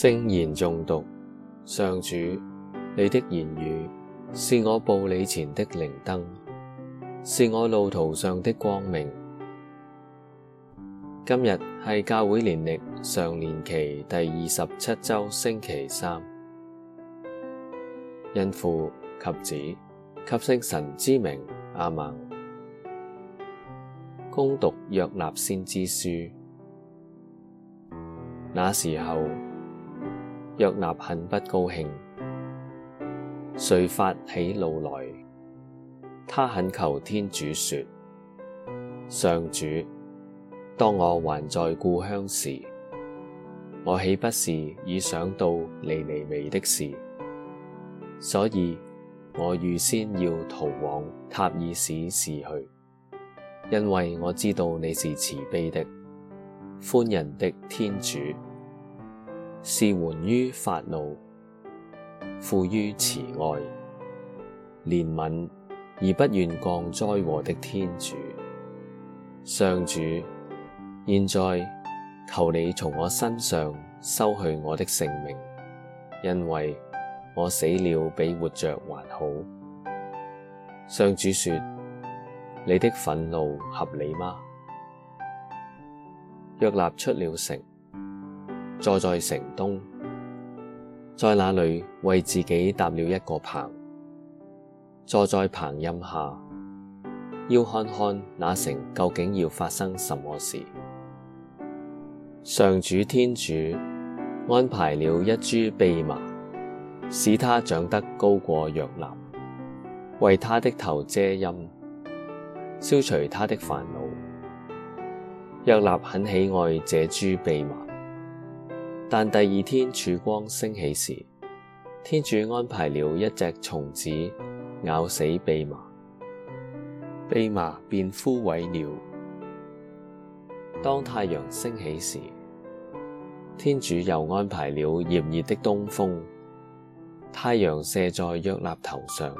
聖言誦讀，上主，你的言語是我步履前的靈燈，是我路途上的光明。今日係教會年曆常年期第二十七周星期三，因父及子及聖神之名，阿孟，恭讀約納先知書，那時候。約拿很不高興，遂發起怒來。他懇求天主說：上主，當我還在故鄉時，我豈不是已想到尼尼微的事？所以我預先要逃往塔爾史士去，因為我知道你是慈悲的、寬仁的天主。是緩於發怒、富於慈愛、憐憫而不願降災禍的天主。上主，現在求你從我身上收去我的性命，因為我死了比活着還好。上主說：你的憤怒合理嗎？約納出了城。坐在城東，在那裏為自己搭了一個棚，坐在棚蔭下，要看看那城究竟要發生什麼事。上主天主安排了一株篦麻，使它長得高過約納，為他的頭遮蔭，消除他的煩惱。約納很喜愛這株篦麻。但第二天曙光升起時，天主安排了一隻蟲子咬死篦麻，篦麻便枯萎了。當太陽升起時，天主又安排了炎熱的東風，太陽射在約納頭上，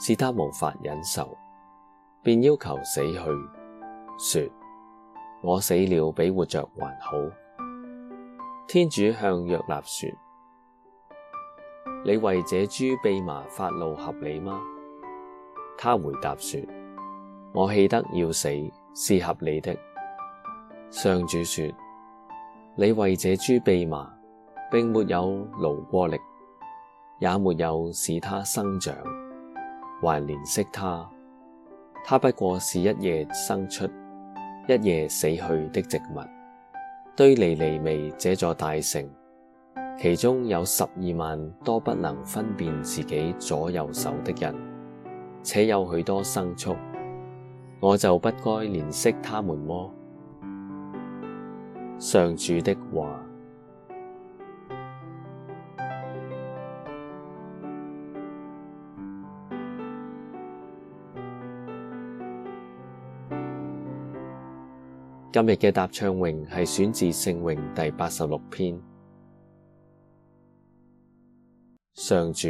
使他無法忍受，便要求死去，說，我死了比活着還好。天主向約納說：你為這株篦麻發怒合理嗎？他回答說：我氣得要死，是合理的。上主說：你為這株篦麻，並沒有勞過力，也沒有使它生長，還憐惜它，它不過是一夜生出，一夜死去的植物。對尼尼微這座大城，其中有十二萬多不能分辨自己左右手的人，且有許多牲畜，我就不該憐惜他們麼？上主的話。今日嘅答唱詠係選自聖詠第八十六篇。上主，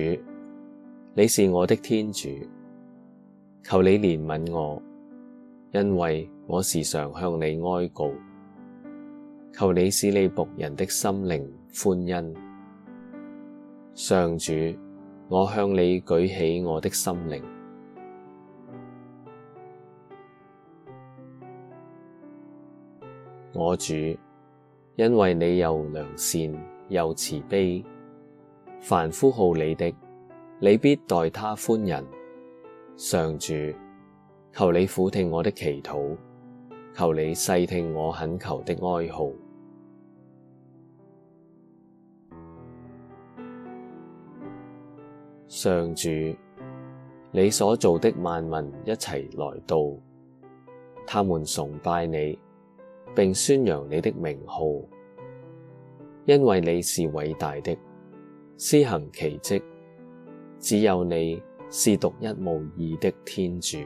你是我的天主，求你憐憫我，因為我時常向你哀告。求你使你僕人的心靈歡欣。上主，我向你舉起我的心靈。我主，因為你又良善又慈悲，凡呼號你的，你必待他寬仁。上主，求你俯聽我的祈禱，求你細聽我懇求的哀號。上主，你所造的萬民一齊來到，他們崇拜你。並宣揚你的名號，因為你是偉大的，施行奇蹟，只有你是獨一無二的天主。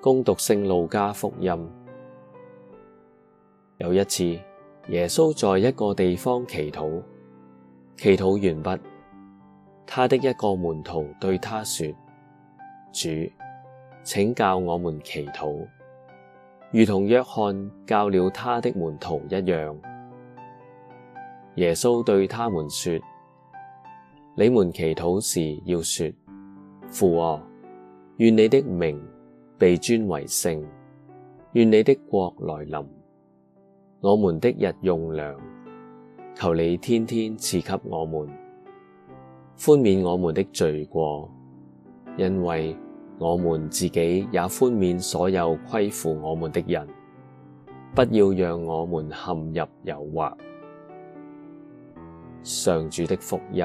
恭讀聖路加福音，有一次。耶穌在一個地方祈禱，祈禱完畢，他的一個門徒對他說：主，請教我們祈禱，如同約翰教了他的門徒一樣。耶穌對他們說：你們祈禱時要說：父啊，願你的名被尊為聖，願你的國來臨。我們的日用糧，求你天天賜給我們，寬免我們的罪過，因為我們自己也寬免所有虧負我們的人。不要讓我們陷入誘惑。上主的福音。